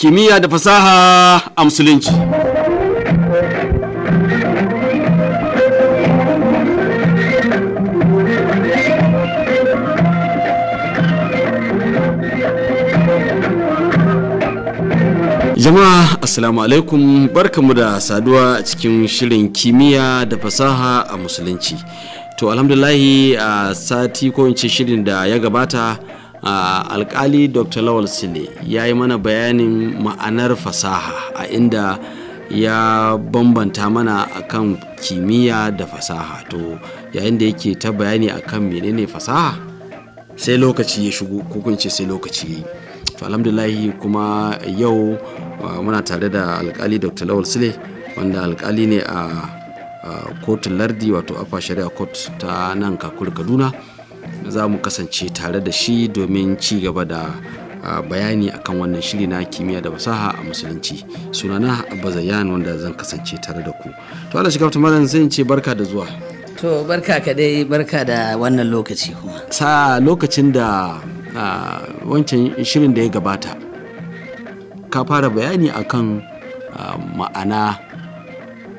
kimiyya da fasaha a musulunci. jama'a assalamu alaikum barkamu da saduwa cikin shirin kimiyya da fasaha a musulunci to alhamdulahi a sati ko in ce shirin da ya gabata a alkali dr lawal sile ya yi mana bayanin ma'anar fasaha a inda ya bambanta mana akan kimiyya da fasaha to yayin da yake ta bayani akan menene fasaha sai lokaci ya shigo kukunce sai lokaci ya yi to alhamdulahi kuma yau muna tare da alkali dr lawal sile wanda alkali ne a kotun lardi wato afa shari'a court ta nan kakuri kaduna za mu kasance tare da shi domin ci gaba da bayani akan wannan shiri na kimiyya da fasaha a musulunci sunana abba zayyan wanda zan kasance tare da ku to Allah shiga malam zan ce barka da zuwa to barka ka dai barka da wannan lokaci kuma sa lokacin da wancan shirin da ya gabata ka fara bayani akan ma'ana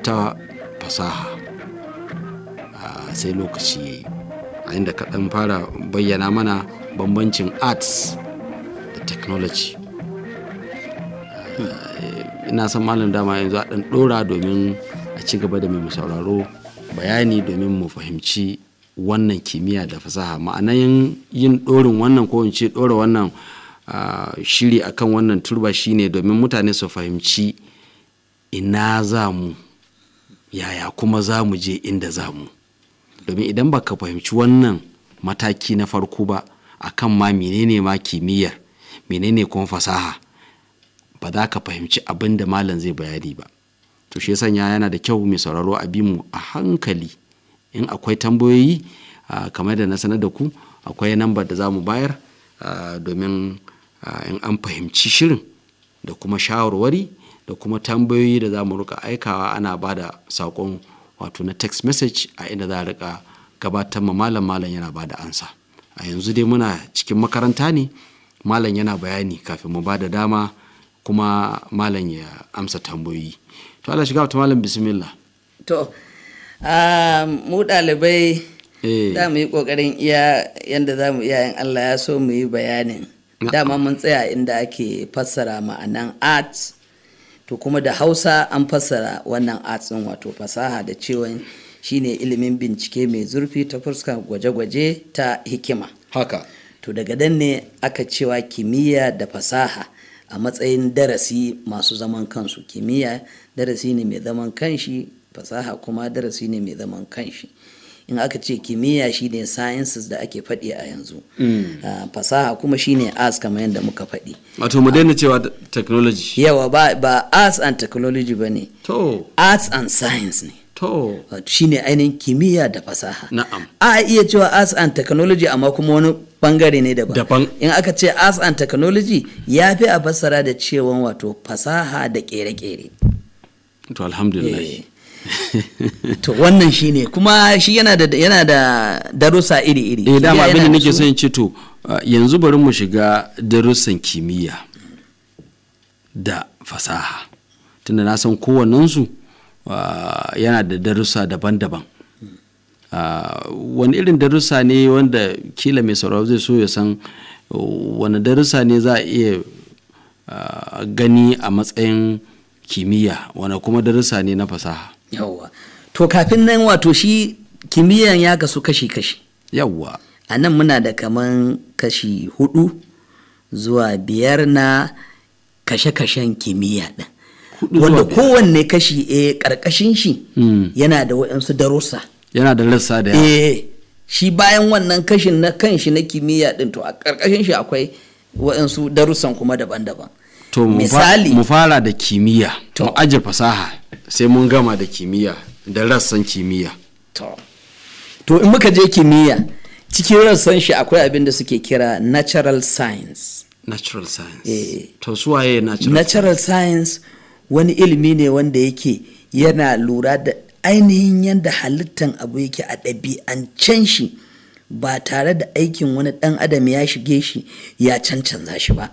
ta fasaha sai lokaci ya a da kaɗan fara bayyana mana bambancin arts da technology eh, ina san malam dama yanzu a ɗan ɗora domin a ci gaba da mai sauraro bayani domin mu fahimci wannan kimiyya da fasaha ma'anayin yin ɗorin wannan ko ce ɗora wannan shiri akan wannan turba shine domin mutane su fahimci ina za mu yaya kuma za mu je inda za mu domin idan baka fahimci wannan mataki na farko ba a kan ma menene ma kimiyyar menene kuma fasaha ba za ka fahimci abin da malam zai bayani ba to shi sanya yana da kyau mai sauraro a mu a hankali in akwai tambayoyi kamar da na sanar da ku akwai nambar da za mu bayar domin in an fahimci shirin da kuma shawarwari da kuma tambayoyi da za mu rika aikawa ana ba da saƙon wato na text message a inda za a rika gabatar ma malam malam yana ba da ansa a yanzu dai muna cikin makaranta ne malam yana bayani kafin mu ba da dama kuma malam ya amsa tambayoyi to Allah shiga ta malam bismillah to um, mu ɗalibai eh. za mu yi ƙoƙarin iya yadda za mu iya yin Allah ya so mu yi bayanin dama mun tsaya inda ake fassara ma'anan art to kuma da hausa an fassara wannan atsin wato fasaha da cewa shine ilimin bincike mai zurfi ta fuskar gwaje-gwaje ta hikima haka to daga dan ne aka cewa kimiyya da fasaha a matsayin darasi masu zaman kansu kimiyya darasi ne mai zaman kanshi fasaha kuma darasi ne mai zaman kanshi in aka ce kimiyya shine sciences da ake faɗi a yanzu mm. ah, fasaha kuma shine as kamar yadda muka faɗi wato mu daina cewa technology yawa ba ba arts and technology ba ne to arts and science ne to shine ainihin kimiyya da fasaha na'am a iya cewa arts and technology amma kuma wani bangare ne daban daban in aka ce arts and technology ya fi a fassara da cewa wato fasaha da kere-kere to alhamdulillah eh. to wannan shi ne kuma shi yana da yana da darussa iri-iri eh dama abin da nake son in ce to yanzu bari mu shiga darussan kimiyya da fasaha tunda na san kowannensu yana da darussa daban-daban wani irin darussa ne wanda kila mai sauraro zai so ya san wani darussa ne za a iya gani a matsayin kimiyya wani kuma darussa ne na fasaha yawwa to kafin nan wato shi kimiyyan ya kasu kashi-kashi yawwa a nan muna da kaman kashi hudu zuwa biyar na kashe-kashen kimiyya ɗin wanda kowanne kashi a eh, ƙarƙashin shi hmm. yana da waɗansu darussa yana da rassa da yawa e, shi bayan wannan kashin na kan shi na kimiyya ɗin to a ƙarƙashin shi akwai waɗansu darussan kuma daban-daban to misali mu fara da kimiyya mu ajiye fasaha sai mun gama da kimiyya da rassan kimiyya to in muka je kimiyya cikin rassan shi akwai abin da suke kira natural science natural science eh. to suwaye natural, natural science, science wani ilimi ne wanda yake yana lura da ainihin yadda halittan abu yake a ɗabi'ancen shi ba tare da aikin wani ɗan adam ya shige shi ya cancanza shi ba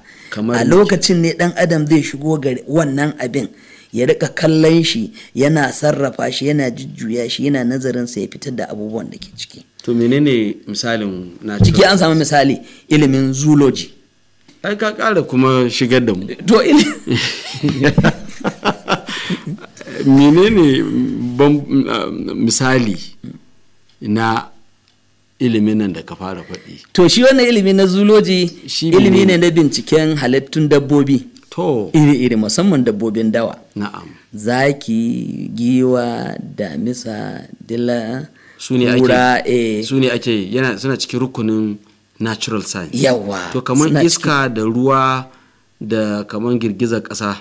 a lokacin ne ɗan adam zai shigo ga wannan abin ya rika kallon shi yana sarrafa shi yana jujjuya shi yana nazarin sa ya fitar da abubuwan da ke ciki to menene misalin na ciki an samu misali ilimin zoology ai ka kara kuma shigar da mu to menene um, misali na ilimin nan da ka fara faɗi to shi wannan ilimi na zuloji, ilimi ne na binciken halittun dabbobi to iri-iri musamman dabbobin dawa na'am zaki giwa damisa dila wura, ne ake su ne ake eh. yana suna cikin rukunin natural science yawa to kamar iska da ruwa da kamar girgizar ƙasa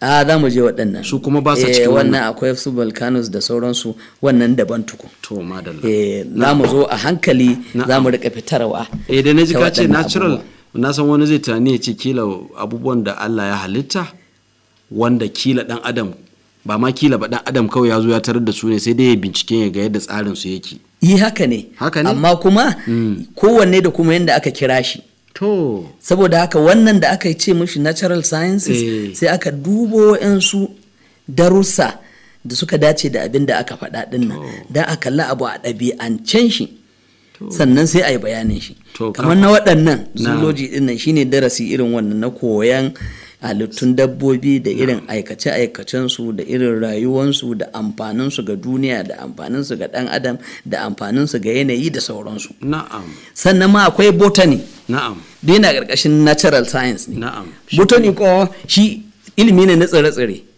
a za mu je waɗannan su kuma ba su cikin eh, wannan akwai su volcanoes da sauransu wannan daban tuku. to madalla eh za mu zo a hankali za mu rika fitarwa eh da na ji ka ce natural abubuwa. na san wani zai tunani ya ce kila abubuwan da Allah ya halitta wanda kila dan adam ba ma kila ba dan adam kawai ya zo ya tarar da su ne sai dai ya bincike ya ga yadda tsarin su yake yi haka ne amma kuma mm. kowanne da kuma yadda aka kira shi to saboda haka wannan da aka ce mushi natural sciences eh. sai aka dubo su darussa da suka dace da abin da aka faɗa dinnan nan don a kalla abu a ɗabi'ancen shi sannan sai a yi bayanin shi kamar na waɗannan zoology ɗin nan shine darasi irin wannan na koyan halittun dabbobi da irin aikace-aikacensu da irin rayuwansu da amfaninsu ga duniya da amfaninsu ga ɗan adam da amfaninsu ga yanayi da sauransu sannan ma akwai botany na'am dai na ƙarƙashin natural science ne botany ko shi ilimi ne na tsire-tsire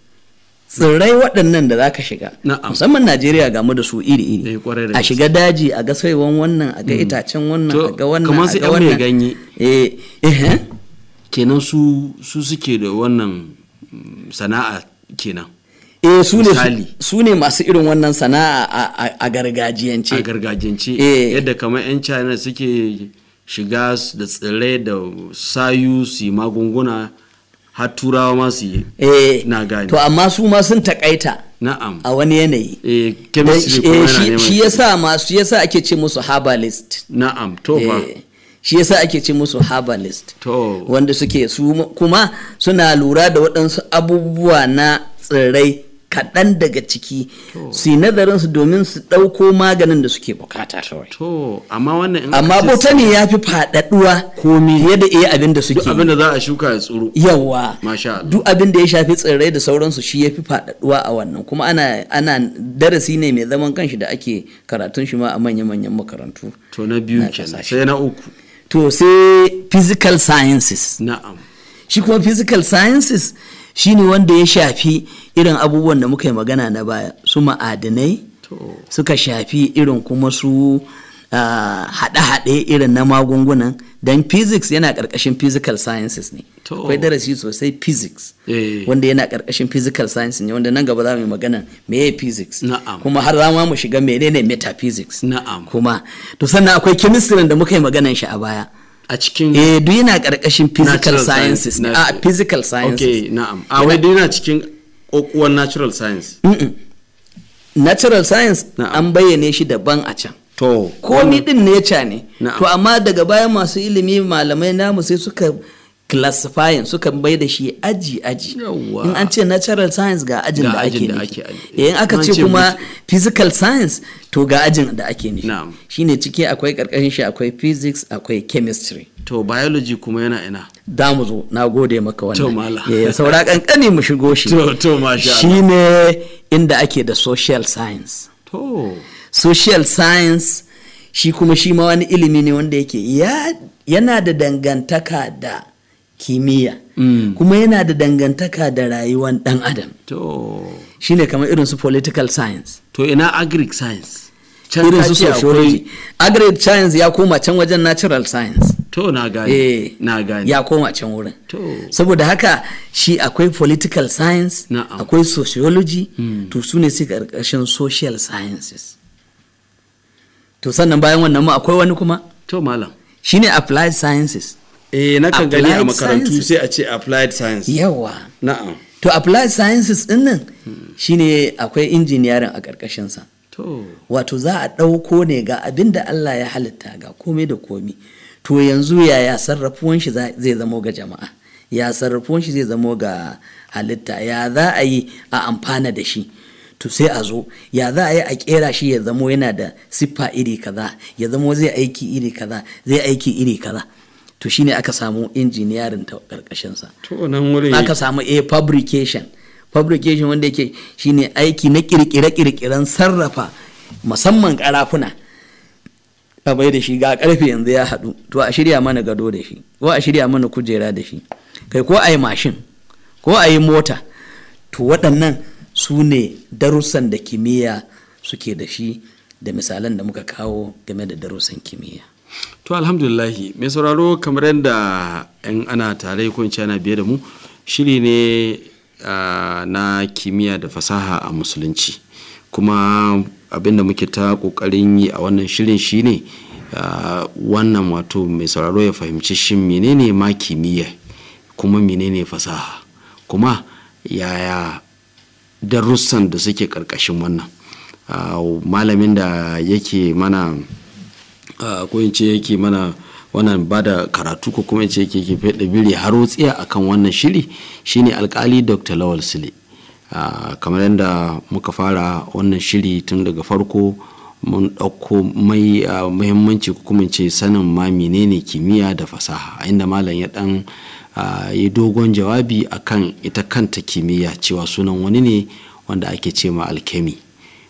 tsirrai waɗannan da zaka shiga musamman Najeriya ga mu da su iri iri eh, a shiga daji a ga saiwan wannan a ga mm. itacen wannan a ga wannan kamar su mai ganye eh, eh, eh kenan su su suke da wannan mm, sana'a kenan eh su ne masu irin wannan sana'a a gargajiyance a gargajiyance yadda kamar yan China suke shiga da tsirrai da sayu su magunguna har turawa ma su yi eh na gane to amma su ma sun takaita na'am a wani yanayi eh chemistry eh, kuma eh, yana neman shi yasa yasa ake ce musu herbalist na'am to ba shi yasa ake ce musu herbalist eh, to wanda suke su kuma suna lura da waɗansu abubuwa na tsirrai kaɗan daga ciki su yi su domin su ɗauko maganin da suke bukata. To, amma wannan in Amma bota ne ya fi faɗaɗuwa fiye da iya abin da suke. abin da za a shuka ya tsuru. Yawa. Masha Allah. Duk abin da ya shafi tsirrai da sauransu shi ya fi faɗaɗuwa a wannan kuma ana ana darasi ne mai zaman kanshi da ake karatun shi ma a manya-manyan makarantu. To na biyu kenan sai na uku. To sai physical sciences. Na'am. Shi kuma physical sciences Shi ne wanda ya shafi irin abubuwan da muka yi magana na baya su ma'adinai suka shafi irin kuma su ah, haɗe-haɗe irin na magungunan don physics yana ƙarƙashin physical sciences ne akwai darasi sosai physics eh. wanda yana ƙarƙashin physical sciences ne wanda nan gaba za mu yi magana meye physics kuma har za mu shiga menene metaphysics kuma to sannan akwai chemistry da muka yi maganan shi a baya a cikin eh duk yana karkashin physical sciences a ah, physical sciences okay na'am ah, a wai duk yana cikin kokuwan natural science natural science an bayyane shi daban a can to komi din nature ne to amma daga baya masu ilimi malamai namu sai suka classifying suka bai da shi aji aji in an ce natural science ga ajin da ake ne. Eh, in aka ce kuma physical science to ga ajin da ake Shi shine ciki akwai karkashin shi akwai physics akwai chemistry to biology kuma yana ina da mu zo na gode maka wannan ya eh, saura kankani mu shigo shi to masha shine inda ake da social science to social science shi kuma shi ma wani ilimi ne wanda yake yana da dangantaka da kimiyya mm. kuma yana da dangantaka da rayuwar dan adam to shine kamar irin su political science to ina agric science irin su sociology agric science ya koma can wajen natural science to na gani eh, na gani ya koma can wurin to saboda haka shi akwai political science akwai sociology mm. to su ne suka karkashin social sciences to sannan bayan wannan ma akwai wani kuma to malam shine applied sciences eh na kan gani a makarantu sai a ce applied science yawa na'am to applied sciences din nan shine akwai engineering a karkashin sa wato za a ɗauko ne ga abin da Allah ya halitta ga komai da komai to yanzu ya sarrafuwan shi zai zamo ga jama'a ya sarrafuwan shi zai zamo ga halitta ya za a yi a amfana da shi to sai a zo ya za a yi a kera shi ya zamo yana da siffa iri kaza ya zamo zai aiki iri kaza zai aiki iri kaza to shine aka samu injiniyarin ta karkashin sa to nan wurin aka samu a fabrication fabrication wanda yake shine aiki na kirkire kirkiren sarrafa musamman karafuna bai da shi ga karfe yanzu ya haɗu to a shirya mana gado da shi ko a shirya mana kujera da shi kai ko a yi mashin ko a yi mota to waɗannan su ne darussan da kimiyya suke da shi da misalan da muka kawo game da darussan kimiyya to alhamdulillahi mai sauraro kamar yadda yan ana tare ko in ana biye da mu shiri ne na kimiyya da fasaha a musulunci kuma abinda muke ta kokarin yi a wannan shirin shine wannan wato mai sauraro ya fahimci shin menene ma kimiyya kuma menene fasaha kuma yaya darussan da suke karkashin wannan malamin da yake mana ko in ce yake mana wannan ba da karatu ko kuma in ce yake fede biri wutsiya wutsiya akan wannan shiri shine alkali dr lawal sule kamar yadda muka fara wannan shiri tun daga farko mun ɗauko mai muhimmanci ko kuma ce sanin ma menene kimiyya da fasaha a inda malam ya ɗan yi dogon jawabi akan ita kanta kimiyya cewa sunan wani ne wanda ake ce ma alkemi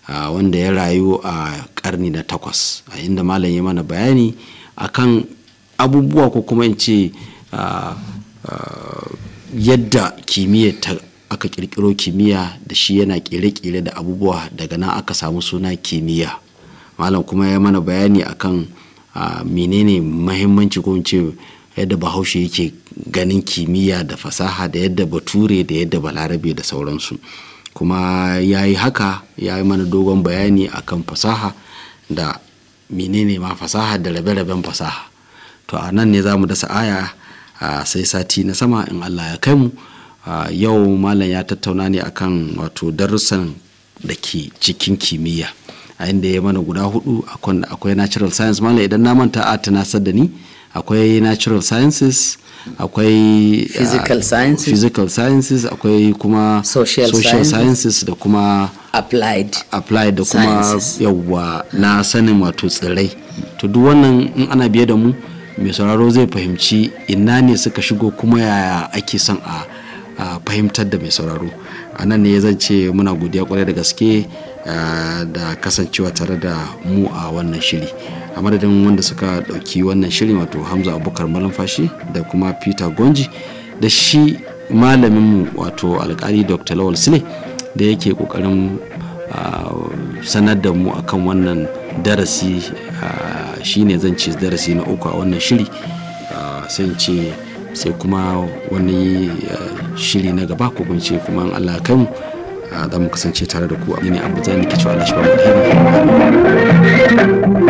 wanda ya rayu a karni na takwas a inda malam ya mana bayani akan abubuwa ko kuma in ce yadda kimiyya ta aka kirkiro kimiyya da shi yana kere-kere da abubuwa daga nan aka samu suna kimiyya malam kuma ya mana bayani akan menene mahimmanci ko in ce yadda bahaushe yake ganin kimiyya da fasaha da yadda bature da yadda balarabe da sauransu kuma ya yi haka ya yi mana dogon bayani akan fasaha da menene ma fasaha da rabe-raben fasaha to a nan ne za mu dasa aya a sai sati na sama in allah ya kai mu yau malam ya tattauna ne akan wato darussan da ke cikin kimiyya a inda ya mana guda hudu akwai natural science malam idan na manta a tunasar da ni akwai natural sciences akwai uh, physical sciences physical sciences akwai kuma social, social sciences da kuma applied applied da kuma yawwa na sanin wato tsirrai to duk wannan in ana biye da mu mai sauraro zai fahimci ina ne suka shigo kuma yaya ake son a fahimtar da mai sauraro a nan ne zan ce muna godiya kwarai da gaske Eh, da kasancewa tare da mu a wannan shiri a madadin wanda suka dauki wannan shiri wato hamza abubakar malamfashi da kuma peter gonji da shi malaminmu wato alkali dr lawal sile da yake kokarin eh, sanar da mu akan wannan darasi eh, shine zan ce darasi na uku a wannan shiri sai ce sai kuma wani shiri na gaba ko kuma Allah mu. Ah, za mu kasance tare da ku ne abu zai nake cewa lashe ba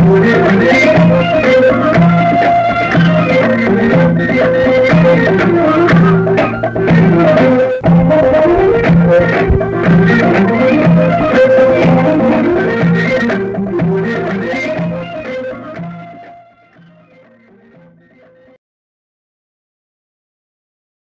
mu alheri